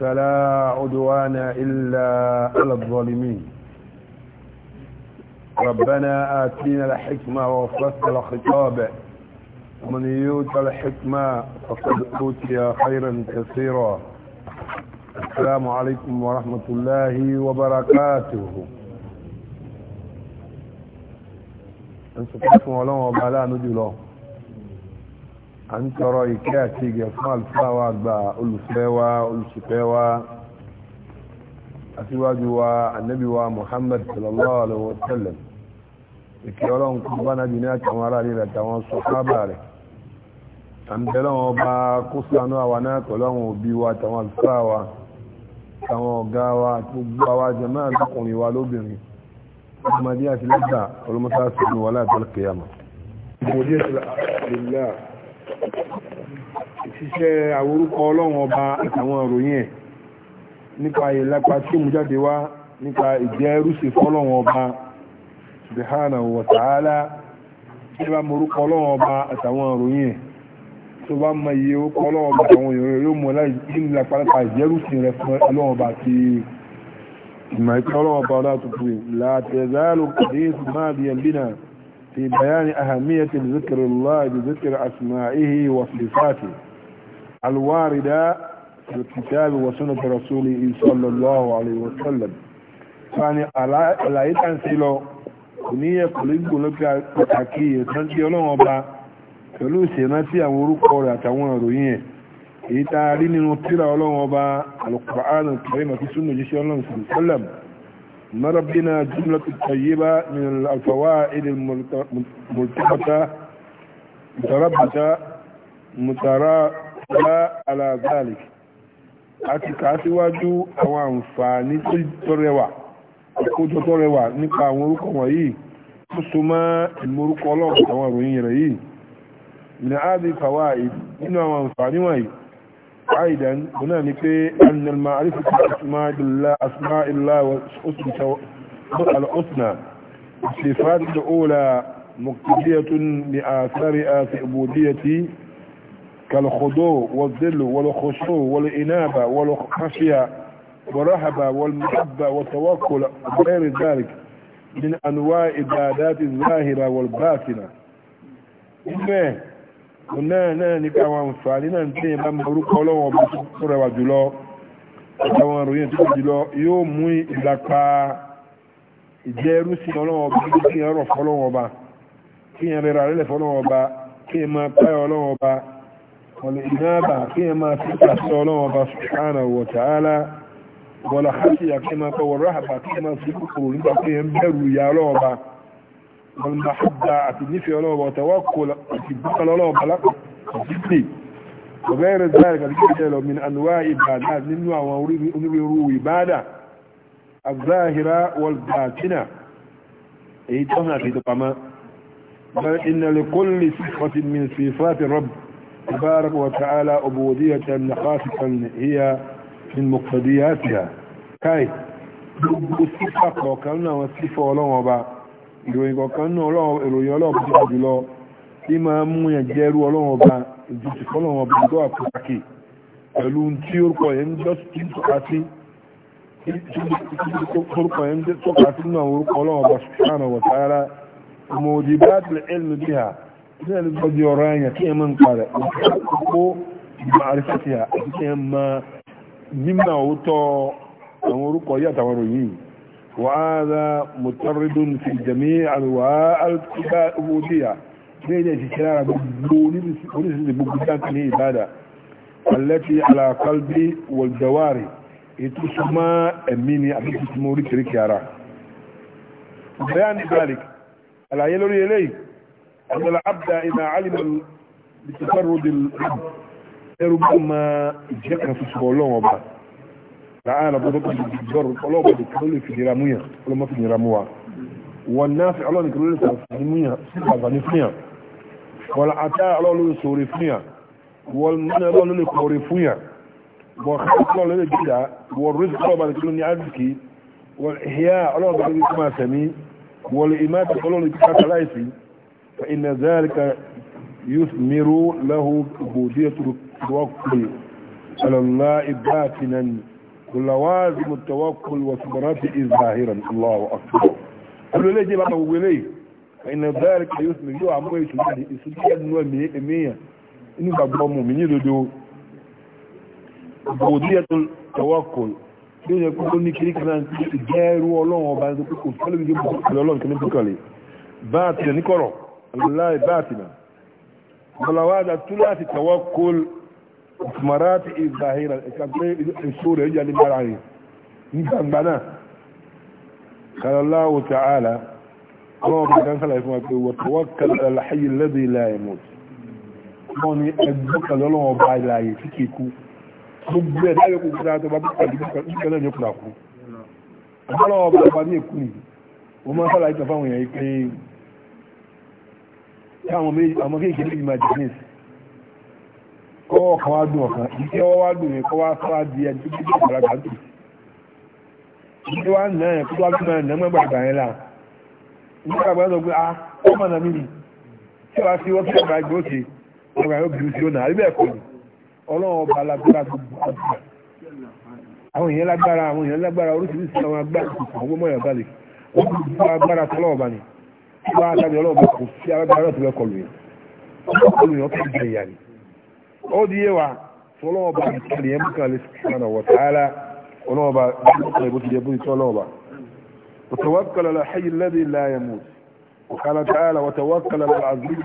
فلا عدوان إلا على الظالمين ربنا آتينا الحكمة ووفقنا الخطاب ومن يوت الحكمة فقد أوتي خيرا كثيرا السلام عليكم ورحمة الله وبركاته أنسوا قسم ولو وبعلا نجي لهم à ń tọrọ ìkẹ́ àti ìgẹ̀ fún àlùfáà wa àgbà olùfẹ́ wa olùṣìpẹ̀ wa aṣíwájú wa ànábì wa Muhammad sallallahu alaihi wa sallam ìkẹ́ ọlọ́run kú bá nábi ní àtàwọn ará rí àtàwọn sọ̀kábà rẹ̀ àǹtẹ̀lọ́wọ́n bá kó sánú àwa náà pẹ̀lọ́wọ́n òbí wa àtàwọn àlùfáà wa àtàwọn ọ̀gá wa tó gbá wa jẹ́mọ́ àlùkùnrin wa lóbìnrin ọmọdé àti lẹ́gbà olómọ́sáàsì ní wọlé àtọ́lùkẹ́yàmọ́ ṣiṣẹ́ àworúkọ ọlọ́run ọba àtàwọn ìròyìn ẹ̀ nípa ìlápa tí mú jáde wá nípa ìjẹ́ rúsì fọ́lọ́run ọba subhanahu wa ta'ala tí bá morúkọ ọlọ́run ọba àtàwọn ìròyìn ẹ̀ tó bá mọ iye orúkọ ọlọ́run ọba àtàwọn ìròyìn yóò mọ̀ láì nílapa nípa ìjẹ́ rúsì rẹ̀ fún ọlọ́run ọba àti ìmọ̀ ìpínlẹ̀ ọlọ́run ọba ọlá tuntun látẹ̀zálù kàdé في بيان أهمية ذكر الله بذكر أسمائه وصفاته الواردة في الكتاب وسنة رسوله صلى الله عليه وسلم fani àlàyé tí lọ kò ní yẹ kò lè gbòlópẹ́ pàtàkì ìtàn tí ọlọ́wọ́n ọba pẹ̀lú ìṣẹ̀rántí àwọn orúkọ rẹ̀ àtàwọn ìròyìn ẹ̀ èyí tá a rí nínú tírà ọlọ́wọ́n ọba Al-Qur'an Karim àti súnmọ̀ jíṣẹ́ ọlọ́run sọ̀rọ̀ نرى جملة طيبة من الفوائد الملتقطة متربطة مترابطة على ذلك àti kàásíwájú àwọn àǹfààní tó rẹwà àkójọ tó rẹwà nípa àwọn orúkọ wọ̀nyí tó so mọ́ ìmorúkọ ọlọ́pàá àwọn ìròyìn rẹ̀ yìí ní àádìí fàwáà nínú àwọn àǹfààní wọ̀nyí أيضا هناك أن المعرفة أسماء الله أسماء الله الحسنى الصفات الأولى مقتدية لآثارها في عبودية كالخضوع والذل والخشوع والإنابة والخشية والرهبة والمحبة والتوكل وغير ذلك من أنواع عبادات الظاهرة والباطنة náà náà ní pé àwọn àǹfààní náà ń tẹ́yẹ bá mọ orúkọ ọlọ́wọ́ ọba tó rẹwà jùlọ àtàwọn ìròyìn tó jùlọ yóò mú ìlàpá ìjẹ́rú sí ọlọ́wọ́ ọba tó kí ẹ̀rọ fọlọ́wọ́ ọba kí ẹ̀ rẹra rẹ̀ fọlọ́wọ́ ọba kí ẹ̀ máa páyọ̀ ọlọ́wọ́ ọba ọ̀lẹ̀ ìnáàbà kí ẹ̀ máa fi pàṣẹ ọlọ́wọ́ ọba subhanahu wa ta'ala wọ̀lá hàṣìyà kí ẹ̀ máa kọ̀wọ̀ ráhàbà kí ẹ̀ máa fi kòkòrò nígbà pé ẹ̀ ń والمحبة أتنفي له وتوكل أتبقى له بلق أتبني وغير ذلك الجدل من أنواع إبادات ننوى ونريرو إبادة الظاهرة والباطنة أي تهنا في تقامة بل إن لكل صفة من صفات الرب تبارك وتعالى عبودية خاصة هي من مقتضياتها كاي صفة وكأنها صفة ولو وبعض ìròyìn kọ̀ọ̀kan náà ìròyìn ọlọ́run ti jù lọ tí máa mú yẹn jẹ́rú ọlọ́run ọba ìdíjì fọ́lọ́run ọba tó àpòkàkì pẹ̀lú tí orúkọ yẹn ń jọ́ sí tọ́ka sí orúkọ yẹn ń tọ́ka sí náà orúkọ ọlọ́run ọba subhanahu wa ta'ala mo di báàtìlẹ̀ ẹ̀lú bí ha ní ẹ̀lú tó di ọ̀rọ̀ ẹ̀yàn kí ẹ máa ń parẹ̀ òkú ìgbà àrífàtì ha àti kí ẹ máa mímọ̀ òótọ́ àwọn orúkọ yìí àtàwọn ìròyìn yìí وهذا مترد في جميع أنواع العبودية بين اتكرار بوليس بوجدات العبادة التي على قلبي والجواري تسمى أميني أبي تسموري كريكيارا بيان ذلك على يلوري إليه أن العبد إذا علم بتفرد الرب ربما يجيك في سبولون وبعد تعالى بضبط الجر طلب الكل في رامية ولا ما في راموا والناس على الكل في رامية سبعة والعتاء على السوريفية والمن على الكوريفية وخلق على الجدع والرزق على الكل يعزكي والإحياء على الكل كما سمي والإماتة على الكل لايسي فإن ذلك يثمر له عبودية التوكل على الله باطنا ولوازم التوكل وثمرته ظاهرا الله اكبر قالوا ليه بقى وغلي فان ذلك يثمر يو عمو يشهد يسجد نو مية انه بقى مؤمن يدو بودية التوكل yóò yẹ kókó ní kiri kanáà ti jẹ́ irú ọlọ́run ọba ẹni kókó fẹ́lẹ́ bí yóò kọ́lé ọlọ́run kìíní kọ́lé báàtì ní aláì báàtì náà bọ̀làwádà túláàtì mọ̀ráàtì ìzàhìrà ìkàgbé èso rẹ̀ yà ní mara rẹ̀ ní gbangba náà kàlọ́láwò tààlà wọ́n bá dán sálàyé fún wa pé wọ́n tọwọ́ kàlọ́lá láàyè lẹ́dẹ̀ ìlàyé mọ̀t wọ́n ní ẹgbẹ́ kàlọ́lọ́wọ́ bá ìlàyé tí kì í kú gbogbo ẹ̀ dáyọ̀ kó kúta tó bá bí kàlọ́lọ́ ìkàlọ́ ìjọ kúta kú ọlọ́wọ́ bá bá ní èkú nìyí wọ́n máa sálàyé tó fáwọn èèyàn yìí pé káwọn méjì àwọn kéèkéé méjì máa kọ́wọ́ kan wá dùn ọ̀kan ìdí ọwọ́ wá dùn yẹn kọ́ wá fọ́ di ẹni tó kíkọ́ ìgbàlagbà dùn ìdí wá nà yẹn kó wá bí máa nà mẹ́gbà ìgbà yẹn là pé ah ó mà nà mí ni tí wàá sí wọ́n kí ọ̀gá ìgbà òsè ọ̀gá yóò bí òsè ọ̀nà àríbẹ̀ ẹ̀kọ́ ni ọlọ́run ọba lágbára gbogbo àgbà àwọn èèyàn lágbára àwọn èèyàn lágbára oríṣiríṣi àwọn agbára kò fún ọgbọ́n mọ̀yàn balẹ̀ ó tó fẹ́ ó di yé wa fọlọ́wọ́ bá kàlẹ̀ yẹn bùkà lè sùkúrà wọ̀ tààlà ọlọ́wọ́ bá bùkà lè bùkà lè bùkà lọ́wọ́ bá وتوكل على الحي الذي لا يموت وقال تعالى وتوكل على العزيز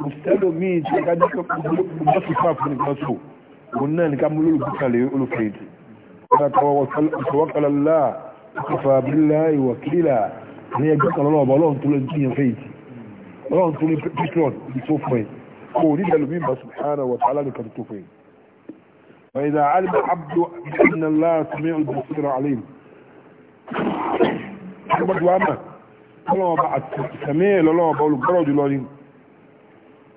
mùsùlùmí míì tí a kájú pé bọ́sù fáàfù nìkan so òun náà nìkan mú lórí bùkà lè olùfẹ́ èdè ọ̀nà tọwọ́kọlọ́lá ọkọ̀fà abúlá ìwà kílà ní ẹgbẹ́ kan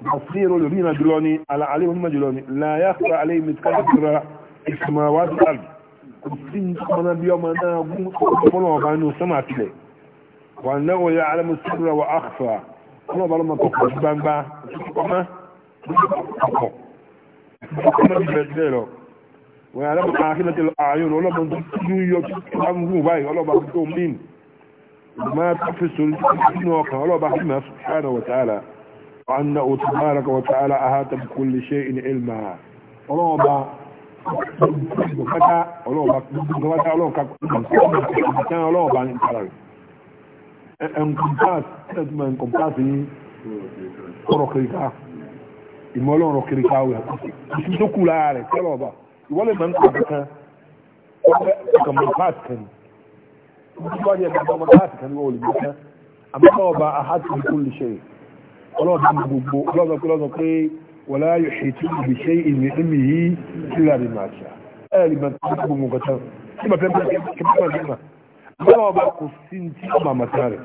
بصير الذين جلوني على عليهم مجلوني لا يخفى عليهم مثقال ذرة في السماوات والأرض قسم من اليوم أنا أقول وأنه سمع إليه وأنه يعلم السر وأخفى أنا بلما تقول بان با وما ويعلم عاقبة الأعين ولا من تجوي يتعلمه باي ولا من تؤمن ما تفسر الجنة وقال الله سبحانه وتعالى أنه تبارك وتعالى أهات بكل شيء علما ọlọ́wọ́ bá bùkátà ọlọ́wọ́ bá ọlọ́wọ́ kàkùnkùn ọlọ́wọ́ bá ní kára rẹ̀ ẹnkùnkùnkùn tẹ́tùmọ̀ ẹnkùnkùnkùn ní ọ̀rọ̀ kìríkà ìmọ̀lọ́ ọ̀rọ̀ kìríkà wẹ̀ tó kù lára rẹ̀ tẹ́lọ̀ ọba ìwọ́lẹ̀ mọ̀ nǹkan kankan ọ̀rẹ́ kàmùkùnkùn kan ní wọ́n yẹ kàmùkùnkùn kan ní wọ́n olùgbé kan àmọ́ ọba àhàtì kúlù ṣe yìí ọlọ́ọ̀dún gbogbo ọlọ́ọ̀dún pé wọ́lá yóò ṣe tí ìbí ṣe ìní ìmì yìí sílẹ̀ rí màá ṣá ẹ̀ rí màá tí gbogbo nǹkan tán tí màá fẹ́ bí kí màá fẹ́ mà bọ́lá ọba kò sí ní tí ọmọ àmàtà rẹ̀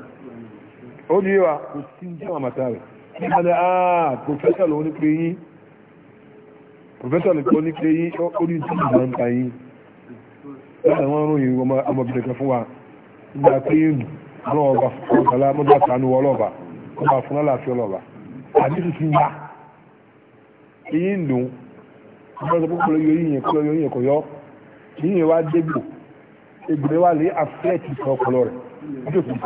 ó ní wa kò sí ní tí ọmọ àmàtà rẹ̀ nígbà ní ah pòfẹ́sọ̀ ló ní pé yín àwọn ròyìn fún wa ìgbà pé yín ọba fúnlá láti ọlọ́ba àdísù ti wá èyí ń dùn ọjọ́ púpọ̀ lóyún yìí yẹn kọ́ yọ yìí yẹn wá débò egbò wa lè sọ ọpọlọ ọjọ́ dùn yẹn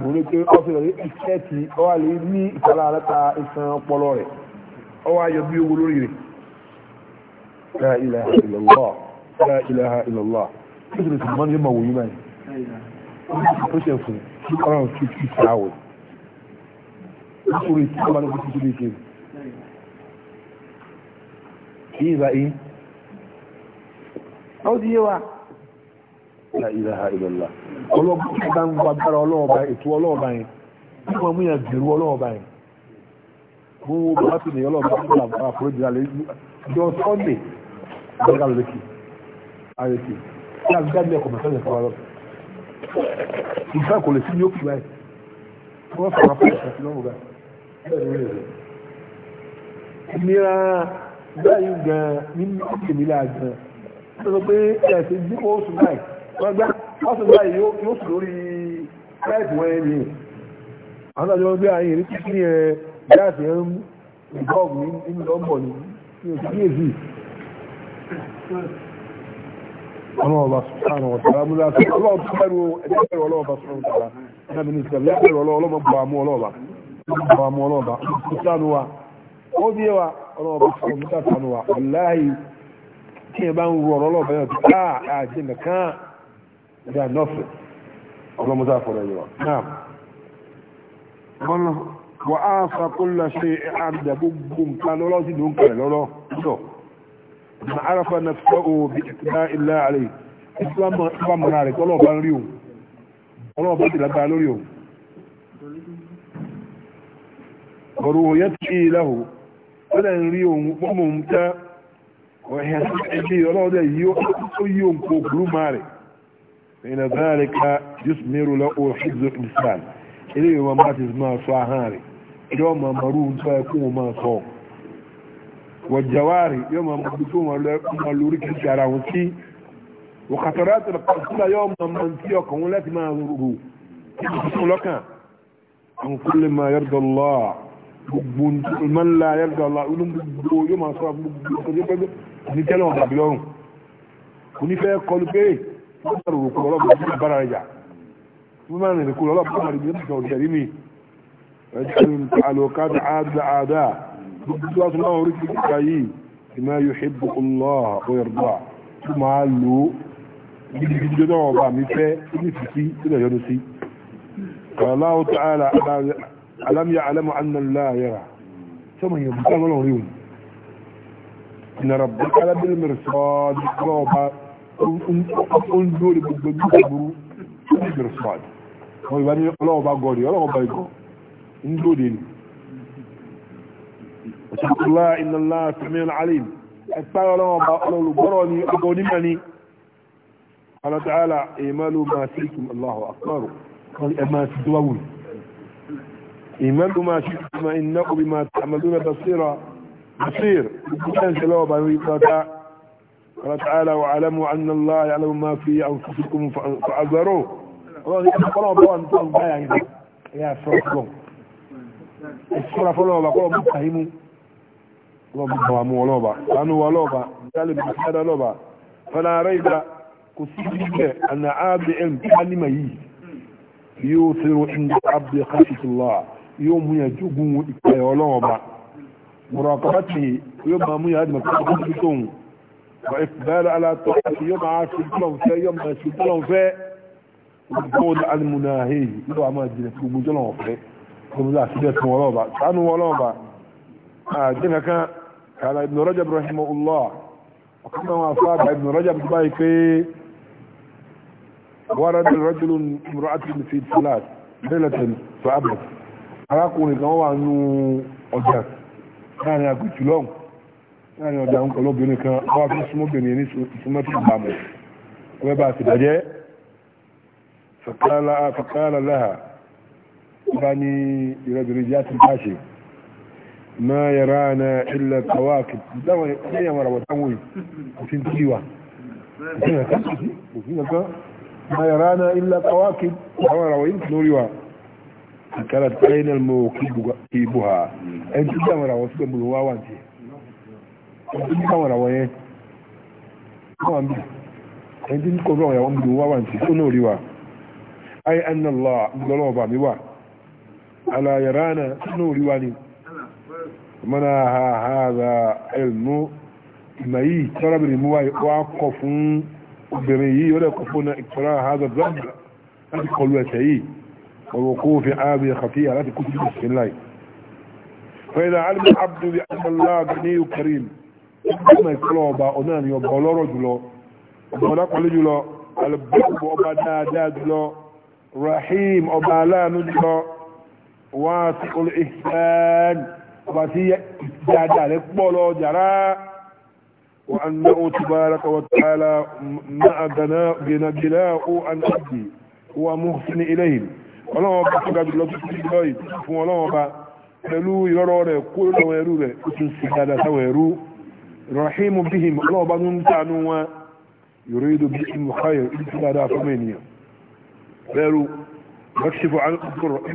dùn lé pé afẹ́ẹ̀tì ọwá ní ọpọlọ rẹ̀ ọwá yọ bí owó lórí la ilaha la ilaha illallah ó sì lè sùn mọ́ ní ọmọ wòye báyìí ó sì fún two hundred and fifty thousand ó sì rí two hundred and fifty thousand kì í báyìí ó di yé wa la ilaha illallah ọlọ́gbọ́n tó bá ń gba agbára ọlọ́ọ̀bá ètò ọlọ́ọ̀bá yẹn bí wọ́n mú yàn gbèrú ọlọ́ọ̀bá yẹn mú wọ́n bá ti nìyọ́ ọlọ́ọ̀bá tó bá àforíjì alẹ́ sọ́ndé àgbẹ̀gà àrètè tí a fi dájú ẹ̀kọ́ mọ̀tẹ́lẹ̀ fún wa lọ. ìgbà kò lè sí ní òkú báyìí wọ́n fà wá fún ìṣàfihàn lọ́wọ́ gà bẹ́ẹ̀ ni wọ́n lè rẹ̀. ìnira báyìí gan ní òkè mi láà gan ó sọ pé ẹ̀sìn bí ó sùn báyìí wọ́n gbá wọ́n sùn báyìí yóò sùn lórí láìpù wọn ẹni àwọn àjọ gbé àyè rí kí ní ẹ gáàsì ẹ ń bọ́ọ̀gù nínú lọ́mbọ̀ ní òkè ọlọ́wọ́ bá sùpánù ọ̀tàrà múlá sí ọlọ́wọ́ tó bẹ̀rù ẹgbẹ̀rù ọlọ́wọ́ bá sùpánù ọ̀tàrà náà bí ní ìsìlẹ̀ ẹgbẹ̀rù ọlọ́wọ́ bá mú ọlọ́wọ́ bá mú ọlọ́wọ́ bá sùpánù wa ó bí wa ọlọ́wọ́ bá sùpánù wa wàláhì tí ẹ bá ń rọ ọlọ́wọ́ bá yọ ti ká àjẹ nìkan ìdá nọ́ọ̀sì ọlọ́mọdé àfọ̀rọ̀ yìí wa náà wọ́n wọ́n á fa kó lọ ṣe àdàgbò gbòǹkan lọ́lọ́ من عرف نفسه بإتباع الله عليه إسلام إسلام منارك ولو بان ريو ولو بان لبان ريو وروه يتقي له ولا ريو ممتع ويحسن ولو ده يوم كوبرو ماري فإن ذلك يثمر له حفظ الإنسان إليه ما مات ما صاهاري يوم مرون فيكون ما صاهاري wọ̀jọ̀wárì yóò máa mú tó wọn lórí kìí ṣe ara wọn sí òkàtọ̀rọ̀ àti ọ̀pọ̀lọpọ̀ yóò máa mọ tí ọkàn wọn láti máa rò fún lọ́kàn àwọn kúlẹ̀ máa yọ̀dọ̀ lọ́ gbogbo mọ́nlá yọ̀dọ̀ lọ́ inú gbogbo yóò máa sọ gbogbo gbogbo ní tẹ́lẹ̀ wọn tàbí lọ́rùn kò ní fẹ́ kọlu pé wọ́n máa rò kú ọlọ́pàá ní àbára rẹ̀ jà wọ́n máa rìn kú ọlọ́pàá ní àbára rẹ̀ jà gbogbo máa orí kí kíkà yìí ìmọ̀ yóò ṣẹ́bù ọlọ́ọ̀ ọ̀yọ̀rọ̀dọ́ tó máa lò ó gidigidi jọjọ́ ọba mi fẹ́ ní fìsí sílẹ̀ yọnu sí aláwọ̀ tó ààlà alámiyà alámọ̀ annàlá yára sọ́mọ̀ yẹn bùkà lọ́nà rí òun ìnàràbọ̀ alábìlì mẹ́rẹ̀sọ́ọ̀dì ọba gbogbo gbogbo mẹ́rẹ̀sọ́ọ̀dì wọ́n ìbá ní ọlọ́ọ̀bá ń dóòlì ni واتقوا الله إن الله سميع عليم أتبع لهم البرني أقونمني قال تعالى إيمالوا ما فيكم الله أكبر قال ما تدوون إيمالوا ما شئتم إنه بما تعملون بصيرا بصير قال تعالى واعلموا أن الله يعلم ما في أنفسكم فأذروه الله يقول الله أنتم يا فرق لهم السورة فلو بقول مفهموا ọlọ́ba wà mú ọlọ́ba lánú wà lọ́ba jálè bí sádà lọ́ba fẹ́lá rẹ̀ ìgbà kò sí ìgbẹ́ àna ábẹ́ ẹ̀m kálímà yìí yóò sẹ́rọ ìgbà ábẹ́ kásìtìlá yóò mú yà jógun ìpẹ́ ọlọ́ba mọ̀rọ̀ àkọ́bátì yóò máa mú yà á dìmọ̀ kọ́kọ́ tó tó ń wà ìfẹ́lẹ́ alátọ́ àti yóò máa ṣe tọ́lọ̀n fẹ́ yóò قال ابن رجب رحمه الله وكما وافق ابن رجب بايكي ورد رجل امرأة في ثلاث ليلة فأبت arákùnrin kan wà nù ọjà láàrin àgùjù lọ́hùn láàrin ọjà ń kọ́ lóbìnrin kan wá fún súnmọ́bìnrin ní súnmọ́tò ìbámu ọbẹ̀ bá ti dàjẹ́ fàkàlà láhà ọba ní ìrẹ́bìnrin jẹ́ àti báṣe ما يرانا إلا الكواكب لا يا مرة وتعوي وفي الكيوة ما يرانا إلا الكواكب حوار وإن نوريوا أكلت بين الموكبها أنت يا مرة وسبب الهواء وانت أنت يا مرة وين أنت نقول يا أم الهواء وانت نوريوا أي أن الله ضلوبا بوا ألا يرانا نوريوا منعها هذا علم ما يي ترى بالمواي وقف بري ولا يقفون اقتراع هذا الذنب هذه قلوة شيء ووقوف عابية خفية التي كنت بسم الله فإذا علم العبد بأن الله بني كريم ما يقولوا بأنان أنان يبغلوا رجلو ọ̀bọ̀lá pẹ̀lú jùlọ alùbẹ́kùbù ọba dáadáa jùlọ rahim ọba ọba tí dáadáa rẹ̀ pọ̀ lọ jàrá wa annahu tabaraka na ta'ala ma'a an wa ọlọ́wọ́n bá lọ yìí fún ọlọ́wọ́n bá fún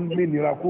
bẹ́ẹ̀rù nira kó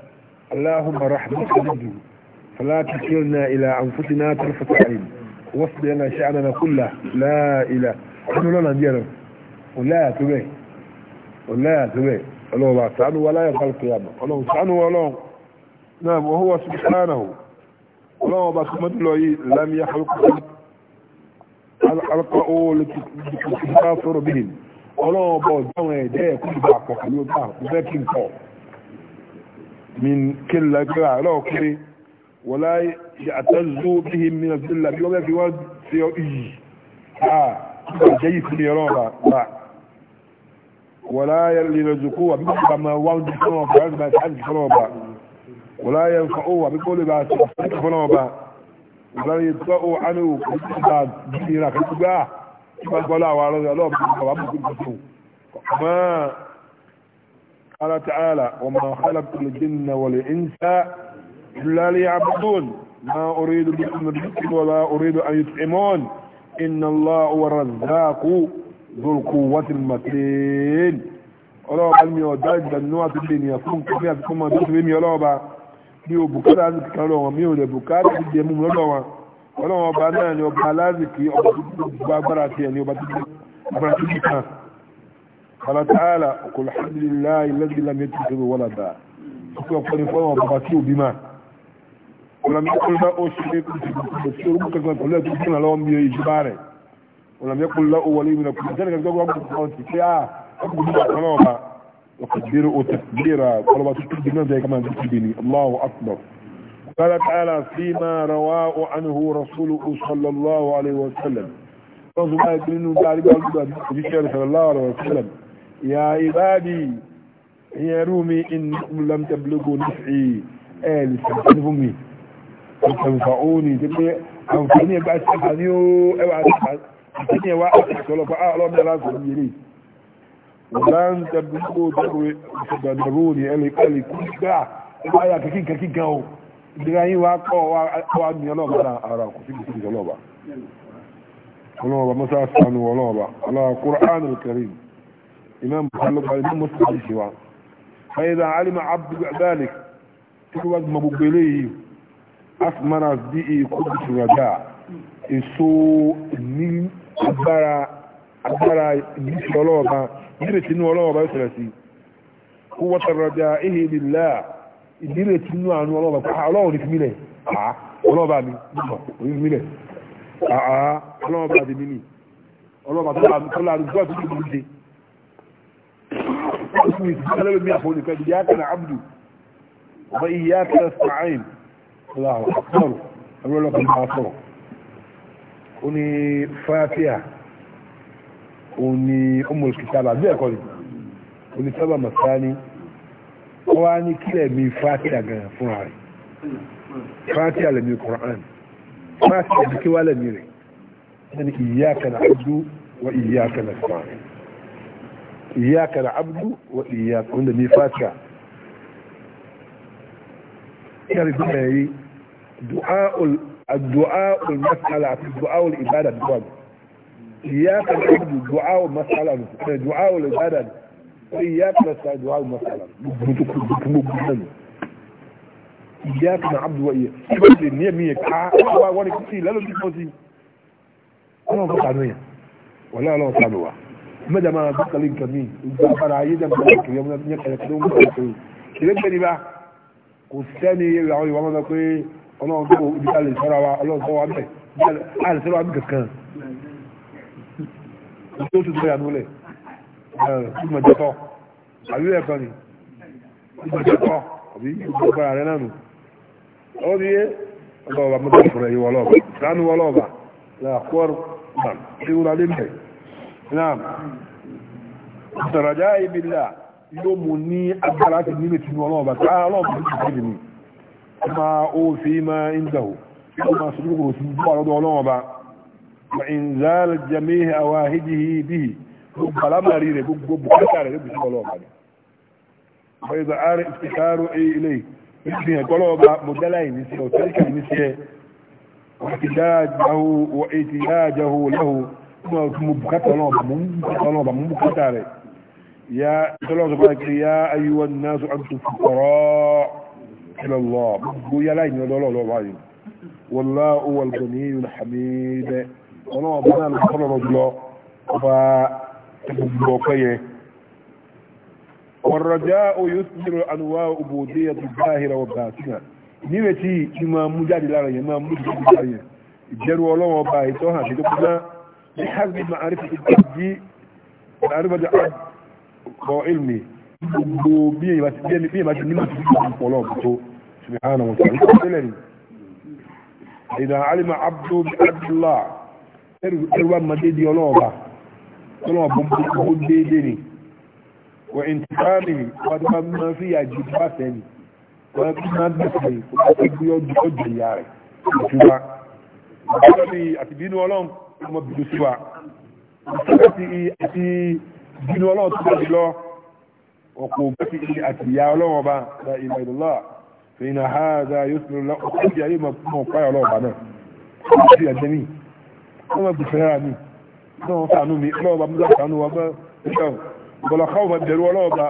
اللهم رحمتك نرجو فلا تكلنا إلى أنفسنا طرفة عين واصل لنا شأننا كله لا إله نحن لا نجينا ولا تبي ولا تبي الله لا تعالى ولا يقبل القيامة الله سبحانه والله نعم وهو سبحانه الله بسمت له لم يخلق القوا لتكافر بهم الله بوزعوا يديه كل بعض وكل بعض وذاكين فوق من كل جراع لو ولا يعتز بهم من الذلة بيوم في ورد في إيه آه جيد في يرون لا ولا يرزقوها بقول ما ورد فنوبا بعد ما يتحدث فنوبا ولا ينفعوها بقول ما يتحدث فنوبا ولا يطلعوا عنه بعد بيرا خلقوا بقى ما قالوا على الله ما قال تعالى وما خلقت الجن والإنس إلا ليعبدون ما أريد بهم رزق ولا أريد أن يطعمون إن الله هو الرزاق ذو القوة المتين ọlọ́wọ́ bá mi ọ̀dá ìdánú àti ènìyàn fún kí àti kọ́mọ tó ti rí mi ọlọ́wọ́ bá mi ò bùkátà ní kíkan lọ wọn mi ò lè bùkátà ti jẹ mú lọ́dọ̀ wọn ọlọ́wọ́ bá náà ni ọba alázìkí ọba tó gbogbo agbára tiẹ̀ ni ọba tó gbogbo agbára tiẹ̀ kan قال تعالى قل الحمد لله الذي لم يتخذ ولدا يقول فهو بغتي بما ولم يقل له شريك شريك كما قال تكون لهم بجباره ولم يقل له ولي من كل ذلك قال رب قلت يا ابو بما كما وقدر تقديرا قال تقديرنا زي كما تقديرني الله اكبر قال تعالى فيما رواه عنه رسوله صلى الله عليه وسلم رسول الله يقول انه قال قال النبي صلى الله عليه وسلم ya ibadi ya rumi in lam tablugu nufi el sanfu mi sanfa'uni tabi anfani ba ta hani o e wa ta ni wa to lo pa a lo mi la so mi ri lan tablugu daru tadaruni el el kuda ba ya kiki kiki gan o ibrahim wa ko wa wa mi lo ba ara ko ti ti lo ba ọlọ́wọ́ bá mọ́sá sanu ọlọ́wọ́ bá aláwọ̀ kúrò ánìlì kẹrin imam bukhari ba imam muslim shi wa fa idha alima abdu dhalik tuwa mabugbeleyi asmana bi kudu raja èso ní agbára agbára ìgbésí ọlọ́ọ̀ba ìdírètí inú ọlọ́ọ̀ba ìṣẹ̀lẹ̀ sí kó wọ́tà raja ihe lila ìdírètí inú àánú ọlọ́ọ̀ba pàá ọlọ́ọ̀ni fi mílẹ̀ àá ọlọ́ọ̀ba mi ní mílẹ̀ àá ọlọ́ọ̀ba mi ní ọlọ́ọ̀ba tó láàrín tó láàrín tó láàrín tó láàrín mi ìtìlẹ́lẹ́ mi àfọ́nìkan ìyáka na abdu wa ìyáka na sa'ayin aláwọ̀ akọrù ẹgbẹ́lọ́kọ̀ bá sọ̀rọ̀ ó ní fàáfíà ó ní umul kitaba bí ẹ̀kọ́ ni ó ní sábà masani ó wá ní kílẹ̀ mi fàáfíà gan fúnra rẹ̀ fàáfíà lẹ́mi kùrán fàáfíà bí kíwá lẹ́mi rẹ̀ ó ní ìyáka na abdu wa ìyáka na sa'ayin إياك العبد وإياك عند ميفاتك يعني دعاء دعاء الدعاء المسألة دعاء الإبادة دعاء إياك العبد دعاء المسألة دعاء الإبادة وإياك نستعين دعاء المسألة إياك العبد وإياك إبادة النية مية كعاء وانا كتير لا لو تكتير أنا أفضل عنوية ولا لا أفضل عنوية mẹ́ta máa gbé kalẹ̀ nǹkan mi ìgbà fara ayé dẹ̀ mọ́ kiri ọmọ ní kẹlẹ̀ kẹlẹ̀ ń bọ̀ kiri kiri gbẹ̀ni bá kò sẹ́ni àwọn ìwà máa pé ọlọ́run tó ibi ká lè sọ́ra wa ọlọ́run sọ́ra wa bẹ̀ á lè sọ́ra wa bí kankan tó tún tó yànú lẹ̀ ìgbìmọ̀ jẹ́tọ́ àbí ẹ̀kọ́ ni ìgbìmọ̀ jẹ́tọ́ àbí ìgbìmọ̀ fara rẹ̀ náà nù ọ́ ní ọlọ́ọ̀bà mọ́tò fúnra yìí wọlọ́ọ̀bà náà sọ̀rọ̀já ibìlá yóò mú ní agbára ti nílé tí wọ́n lọ́wọ́ bá tí aláwọ̀ ah, bá ti ṣe ní ma ó fi ma ń dáwò yóò máa sọ lókòrò sí bọ́ ọlọ́dọ̀ ọlọ́wọ́ bá ma ń záàlẹ̀ jẹ́mí àwà hìjì bí ilé ìfihàn kọ́lọ́wọ́ bá mọ̀dálà ìníṣẹ́ ọ̀tẹ́ríkà ìníṣẹ́ wọ́n ti dáa mo bùkátà ọlọ́ọ̀bà mo ń bùkátà ọlọ́ọ̀bà mo ń bùkátà rẹ̀ ya ìtọ́lọ́sọ fún akiri ya ayúwa náà antum fuqara ila Allah gbogbo yálà ìní ọdọ́ ọlọ́ọ̀bà yìí wallahu huwal ghaniyyul hamid ọlọ́ọ̀bà náà lọ́kọ́ lọ́rọ̀ jùlọ ọba gbogbo ọpẹ́ yẹ والرجاء يثمر انواع عبوديه الظاهره والباطنه níwèé tí ìmọ̀ amújáde lára yẹn máa mú ìdíje lára yẹn ìjẹ́rú ọlọ́wọ́ ọba ìtọ́hàn àti tó kúná بحسب معرفة العبد معرفة العبد وعلمه bí ma ti nímọ̀ sí ọ̀pọ̀lọ́ tó ṣùgbọ́n wọn tàbí tẹ́lẹ̀ ni ìdá alima abdu abdullah ẹrùwà madédi ọlọ́ọ̀bá ọlọ́ọ̀bá bó dédé ni wọ ìntìkáàmì wọ́n ma ma fi àjì bá fẹ́ ni wọ́n kí máa gbẹ̀fẹ̀ ní ọjọ́ ìyá rẹ̀ ìtura àti bínú ọlọ́ọ̀bá ọmọ bìdó sí wa àti àti bínú ọlọ́run tó bá jùlọ ọkọ̀ bẹ́ẹ̀ ti àti ìyá ọlọ́run ọba la ìlà ìlọ́lá fẹ̀yìn náà ha dá yóò sì lọ ọkọ̀ ìdí ayé máa fún ọ̀pá ọlọ́run ọba náà ó sì àjẹ́ mi wọ́n máa bùfẹ́ ra mi náà wọ́n fàánú mi ọlọ́run ọba múlá fàánú wa bá ìṣẹ́wọ̀n bọ̀lá káwọ́ máa bẹ̀rù ọlọ́run ọba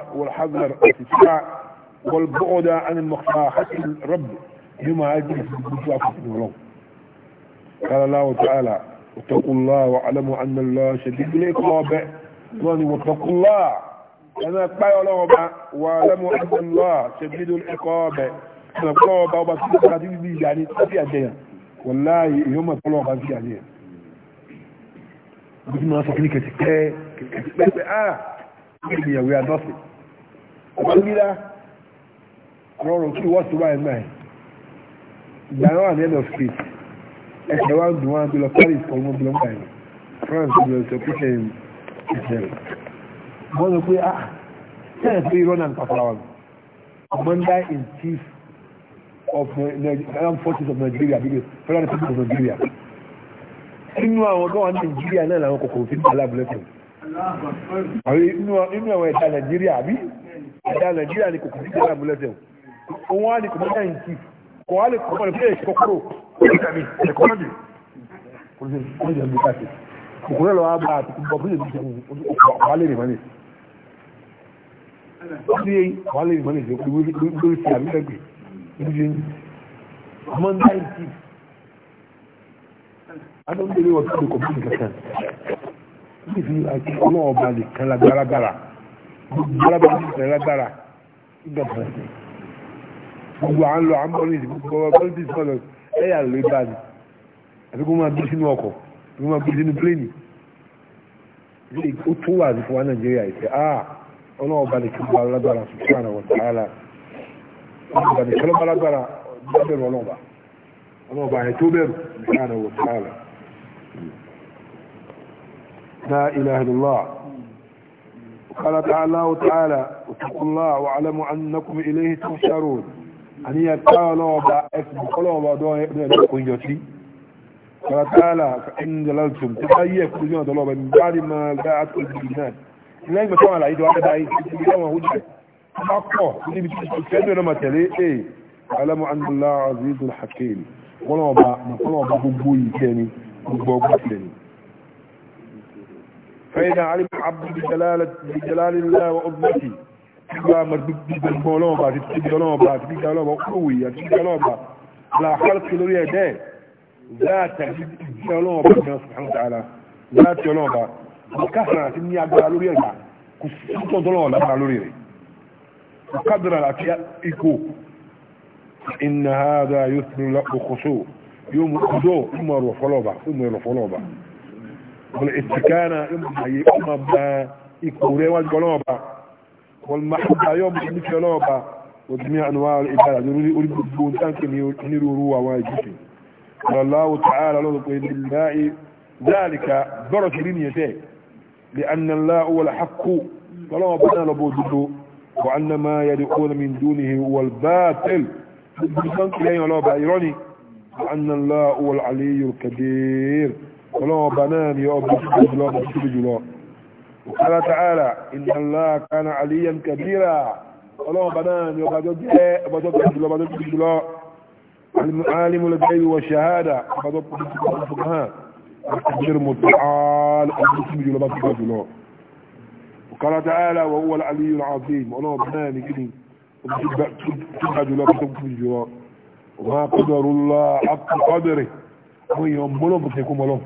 wọ́n واتقوا الله واعلموا أن الله شديد العقاب واتقوا الله أنا أتبع الله واعلموا أن الله شديد العقاب أنا أقول الله بابا سيدنا تبي يعني تبي أجيا والله يوم أقول الله بابا أجيا بس ما أصدق لك تكتب بس آه يا ويا نصي أقول لي rọrùn kí wọ́n ti wáyé náà ìgbà náà ní ẹ̀ṣẹ̀ wá dùn wá bílọ paris kọ mọ́ bílọ báyìí france bílọ ṣe kú ṣe ẹ̀ṣẹ̀ rẹ̀ wọ́n sọ pé ah ṣẹ́ẹ̀ pé irọ́ náà pàtàkì wà commander in chief of armed forces of nigeria bí federal republic of nigeria inú àwọn tó wà nigeria náà làwọn kòkòrò fi ń bá aláàbùlẹ́kùn inú àwọn ẹ̀dá nigeria àbí ẹ̀dá nigeria ni kòkòrò fi ń bá aláàbùlẹ́kùn òun wá ní commander in chief kò wá lè kọ́kọ́ lè ìkàmì ẹ̀kọ́lọ́jì kòrìjẹ̀ ní káàkiri òkúrẹ́ lọ àbá àti kúbọ̀ fún ìdíje àwálèrè mọ́lẹ̀ sí àwálèrè mọ́lẹ̀ sí lórí sí àmìlẹ́gbẹ̀ ìdíje ní monday chief adọ́gbèrè wọ́n tó kọ̀bí nìkan níbi àti ọlọ́ọ̀bà nìkan lágbára gbogbo à ń lọ à ń bọ́ ní ìdìbò gbogbo politics ẹ̀yà ló bá ní àbí kó máa gbé sínú ọkọ̀ àbí kó máa gbé sínú pléènì ó tún wà ní fún wa nàìjíríà ìfẹ́ ah ọlọ́wọ́ bá ní kí wọ́n lágbára sùkúrà náà wọ̀ tààlà ọlọ́wọ́ bá kí wọ́n lágbára bẹ̀rù ọlọ́wọ́ ọlọ́wọ́ bá tó bẹ̀rù sùkúrà náà wọ̀ tààlà. لا إله إلا الله قال تعالى وتعالى واتقوا الله واعلموا أنكم إليه تحشرون àníyàn táwọn náà ọba ẹkùn kọlọ́ọ̀bà ọdún ẹ̀dọ́ kò yọ sí kọlátàlà ẹnìyànjẹ́lẹ́tùm tó bá yí ẹkùn ní ọ̀dọ́ lọ́ba nígbà rí máa gbá àtòjì náà lẹ́yìn pẹ̀lú àwọn àlàyé tó wá dáa ìtìtì ìyáwọn oúnjẹ tó fẹ́ lónà máa tẹ̀lé ẹ̀ alamu anulá azizul hakim عبد بجلال, بجلال الله وعظمته gbígbà gbígbà ọlọ́ọ̀bà àti gbígbà ọlọ́ọ̀bà àti gbígbà ọlọ́ọ̀bà kúròwì àti gbígbà ọlọ́ọ̀bà làkàlùkì lórí ẹ̀dẹ́ láti gbígbà ọlọ́ọ̀bà ní ọ̀sán tààrà láti ọlọ́ọ̀bà kásìrà àti ní agbára lórí ẹ̀gbà kò sí tọ́tọ́lọ́ọ̀ lágbára lórí rẹ̀ kádìrà àti ikò iná hádà yóò ti lọ́kọ̀ọ́sọ́ yóò mú ọjọ́ ìmọ̀ ọ̀rọ̀ fọlọ́ọ̀bà ìmọ̀ ọ̀rọ̀ fọlọ́ọ̀bà ọ̀rọ̀ ìtìkánà ìmọ̀ àyè ọmọ bá ikò rẹ̀ wájú ọlọ́ọ̀bà والمحبة يوم مثل لوبة وجميع أنواع العبادة يريد أريد أن تنكني روا واجبي قال الله تعالى لو تقول لله ذلك برك لين يتي لأن الله هو الحق فلو بنا لبوده وأن ما يدعون من دونه هو الباطل تنك لين لوبة إيراني وأن الله هو العلي الكبير فلو بنا يؤبس بجلو قال تعالى إن الله كان عليا كبيرا الله بنان يبادل يبادل يبادل يبادل العالم الغيب والشهادة يبادل الفقهاء الكبير متعال الاسم يبادل يبادل وقال تعالى وهو العلي العظيم الله بنان يبادل يبادل يبادل وما قدر الله حق قدره ويوم ملوك يكون ملوك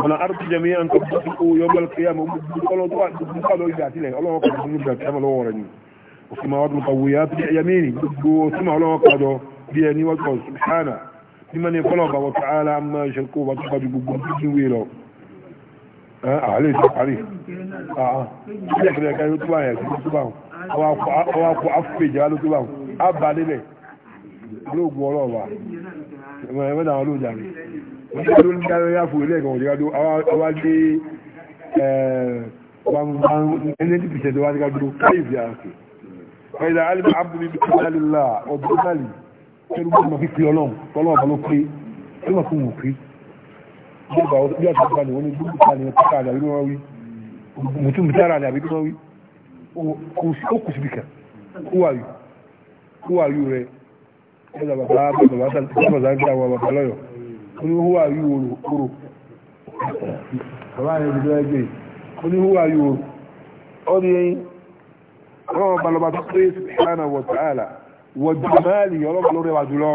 mọ̀nà arúgbó jẹ́mi yẹn nǹkan tó kó yọgbọ́n kéèyàn mọ̀ gbogbo kọ́ lọ́wọ́ ìgbà sílẹ̀ ọlọ́wọ́ kan tó ń gbà kíyàmọ̀ lọ́wọ́ rẹ̀ ni òfin máa wọ́n kọ̀ wòye àti ẹ̀yàmí ni gbogbo súnmọ́ ọlọ́wọ́ kan jọ bí ẹni wọ́n kọ̀ sùhánà bí mọ́ ni fọlọ́ bá wọ́n tó ara máa ṣe kó wọ́n tó bá ju gbogbo títí wé lọ. àlẹ́ ìṣe parí ilé ìṣẹ̀lẹ̀ kan tó bá yẹn tó bá wọn àwọn akọ mẹ́ta àwọn olóòjà rẹ̀ wọ́n ti ló ń dá lórí àfò ilé ẹ̀kọ́ òjìká tó àwa dé ẹ̀ẹ́dẹ́gbẹ̀rún pìṣẹ̀ tó wá nígbà dúró káyìí àti ọ̀yẹ̀dà alìmọ̀ abúlé bí kí wọ́n lè ọdún náàlì kẹrù bí wọ́n fi pè ọlọ́run tọ́lọ́ ọ̀bá ló pé kí wọ́n fún wọn pé bí àtúntà ni wọ́n ní gbúgbù ká ni wọ́n ká àdàbí wọ́n wí mutum tara ni àbí wọ́n wí ó kù síbi kan kúwàyù rẹ̀ ẹ̀dà bàbá bàbá ń gbà wọn bàbá lọ́yọ̀ ó ní húwà yí oòrùn kúrò bàbá yẹn gbogbo ẹgbẹ́ ó ní húwà yí oòrùn ó ní ẹyin ọlọ́wọ́ balọba tó pé subhana wa ta'ala wọ jùmọ́lì ọlọ́wọ́ lórí wa jùlọ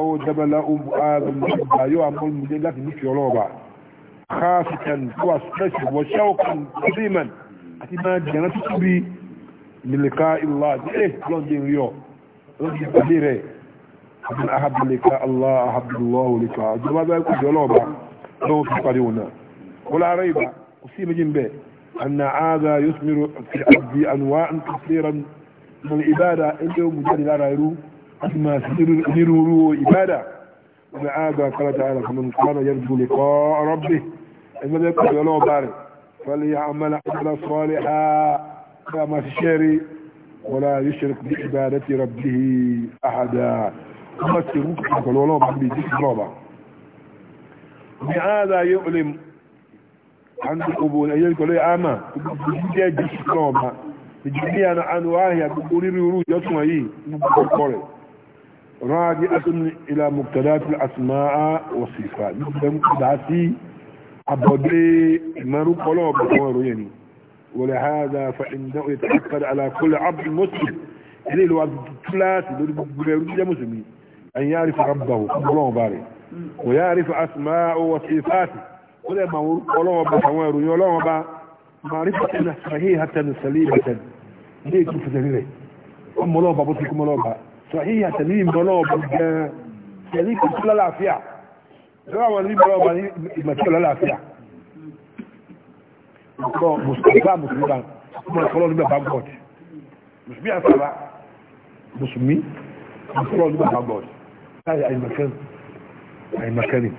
ọwọ́ jẹbẹlẹ ohun ààbẹ̀mọ̀gbà yóò lọ́sí ìpàdé rẹ̀ abin ahabalika allah ahaballahu lika ìjọba bá kú jọ lọ́ọ̀bá lọ́wọ́ fi parí wọn náà wọ́n lára ìbá kò sí méjì bẹ́ẹ̀ anna aza yusmiru fi abdi anwa an kasira min ibada inda yau mujani lára irú àti masu nírúurú ibada wọ́n aza kala ta'ala kaman kana yarju liqa rabbi ẹgbẹ́ bẹ́ẹ̀ kú jọ lọ́ọ̀bá rẹ̀ fali amala amala sọ́ọ̀lì ha kala masu sheri ولا يشرك بعبادة ربه أحدا أما تروك قال والله بحبي ديك رابع بهذا يؤلم عند القبول أيها قال لي أما بجيجي ديك رابع بجيجي أنا أنواعي بقولي ريورو جاتما يي بقولي راجعة إلى مبتدات الأسماء والصفات مبتدات عبدالي مرو قلوب ورويني ولهذا فإنه يتأكد على كل عبد مسلم إليه لو عبد الثلاث مسلمين أن يعرف ربه الله باري ويعرف أسماءه وصفاته ولا ما ولو بسوار ولو با معرفة صحيحة سليمة ليه كيف تنيني أم الله بابوتك أم الله با صحيحة سليمة الله بابوتك كل لا لا فيها لا ولي بلا لا فيها ọ̀pọ̀ mùsùlùmí bá ọmọ ìfọlọ́ nígbà bá god mùsùlùmí àfàrà mùsùlùmí ìfọlọ́ nígbà bá god láì àìmọ̀kẹ́ni àìmọ̀kẹ́ni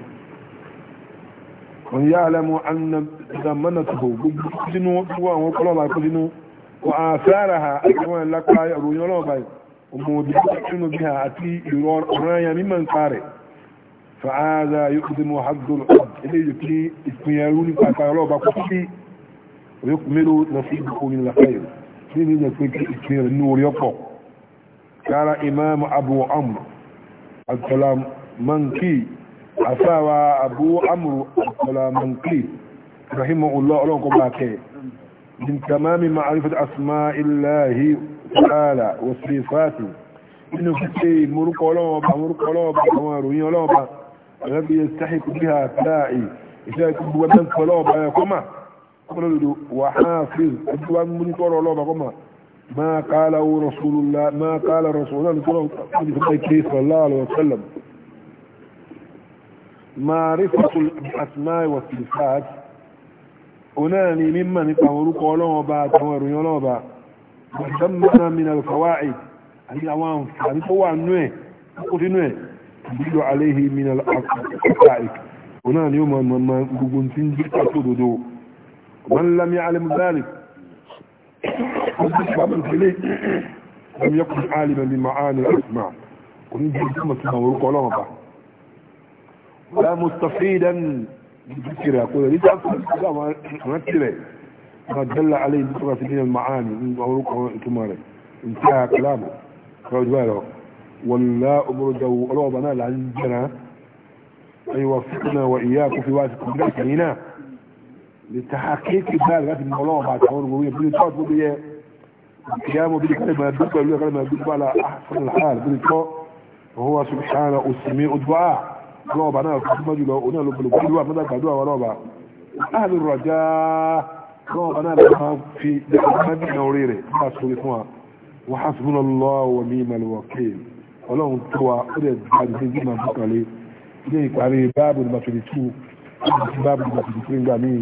wọ́n yá alẹ́mú anàdàmánà tòbò gbogbo sínú wọ́n àwọn ọlọ́ọ̀bà kó sínú wọ́n á sára ha àwọn ìlápá ìròyìn ọlọ́ọ̀bà ọmọ òbí sínú bí ha àti ìrọ̀ ọ̀rọ̀ ẹ̀yà mímọ̀ ń kárẹ̀ fàáza yóò kó sínú hajjọ́ ilé ويكمل نصيبه من الخير من ينفك النور يفوق قال إمام أبو عمرو السلام منكي أساوى أبو عمرو السلام منكي رحمه الله الله قبلك من تمام معرفة أسماء الله تعالى وصفاته إنه في مرق ولوبة مرق ولوبة كماروين ولوبة الذي يستحق بها تلاعي إذا كنت بمن يا كما ọlọ́dọ̀dọ̀ wà hafiz ẹjú wa mú ní tọ́rọ ọlọ́ọ̀bà kọ́mà máa kààlà wo rasulula máa kààlà rasulula ní tọ́rọ ọdún tó bá kí sallallahu alaihi wa sallam ma'rifatul asma'i wa sifat ọ̀nà ni mímọ̀ ó mọ̀ gbogbo tí ń jẹ́ pàtó dodo من لم يعلم ذلك أصبح من لم يكن عالما بمعاني الأسماء ونجي الجمة ورقوا لهم لا ولا مستفيدا من ذكرها ليس لي تأكل ما دل عليه بصرة من المعاني ورقوا كمارا انتهى كلامه فأجباله ولا أمر الله بنا لعنجنا أن يوفقنا وإياكم في واسكم لكننا لتحقيق البال غادي الموضوع بعد حوار قوية بني تقعد بني القيامة بني كلمة يدوك ويقول كلمة يدوك على أحسن الحال بني تقعد وهو سبحانه السميع الدعاء الله بنا كما جلو أنا لو بلو بلو ماذا كدوا ولا أهل الرجاء الله بنا لهم في دعوة نوريري ما سويتوا وحسبنا الله ونعم الوكيل ọlọ́run tó wa ó lè gba ìdílé bí màá bùkàlẹ̀ ilé ìparí báàbù nàbàtìrì 2 báàbù nàbàtìrì 3 gbà míì